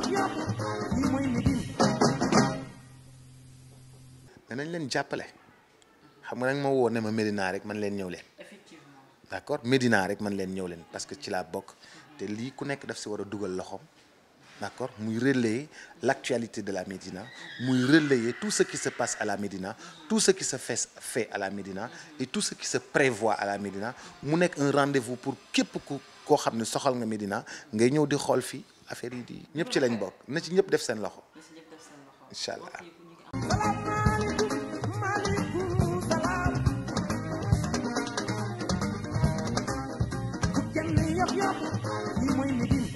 lii danañ leen jàppale xam nga nag ma woo ne ma Médina rek man leen ñëw leen d'accord Médina rek man leen ñëw leen parce que ci la bokk te lii ku nekk def si war a dugal loxoom d'accord muy relayer l'actualité de la Médina muy relayer tout ce qui se passe à la Médina tout ce qui se fait fait à la Médina et tout ce qui se à la Médina mu nekk un rendez-vous pour képp ku koo xam ne soxal nga Médina ngay ñëw di xool fii affaire yi ñëpp ci lañ bokk na ci ñëpp def seen loxo. incha allah. Yo, yo, yo, yo, yo,